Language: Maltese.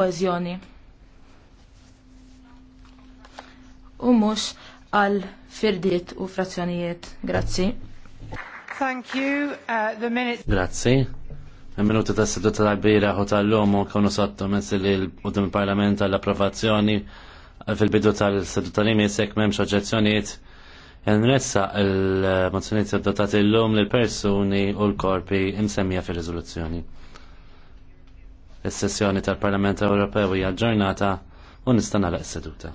koezjoni. U mhux għal firdiet u frazzjonijiet. Grazzi. Thank you. Uh, the minute... Grazzi. Il-minuti ta' seduta tal-bira u tal-lum u konu sotto messi li l-Udum Parlament għall-approvazzjoni fil-bidu tal-seduta li misek memx oġezzjoniet nressa il-mozzjoniet adottati l-lum l-persuni u l-korpi imsemmija fil-rizoluzzjoni. Is-sessjoni tal-Parlament Ewropew hija ġġornata u nista' nagħlaq seduta.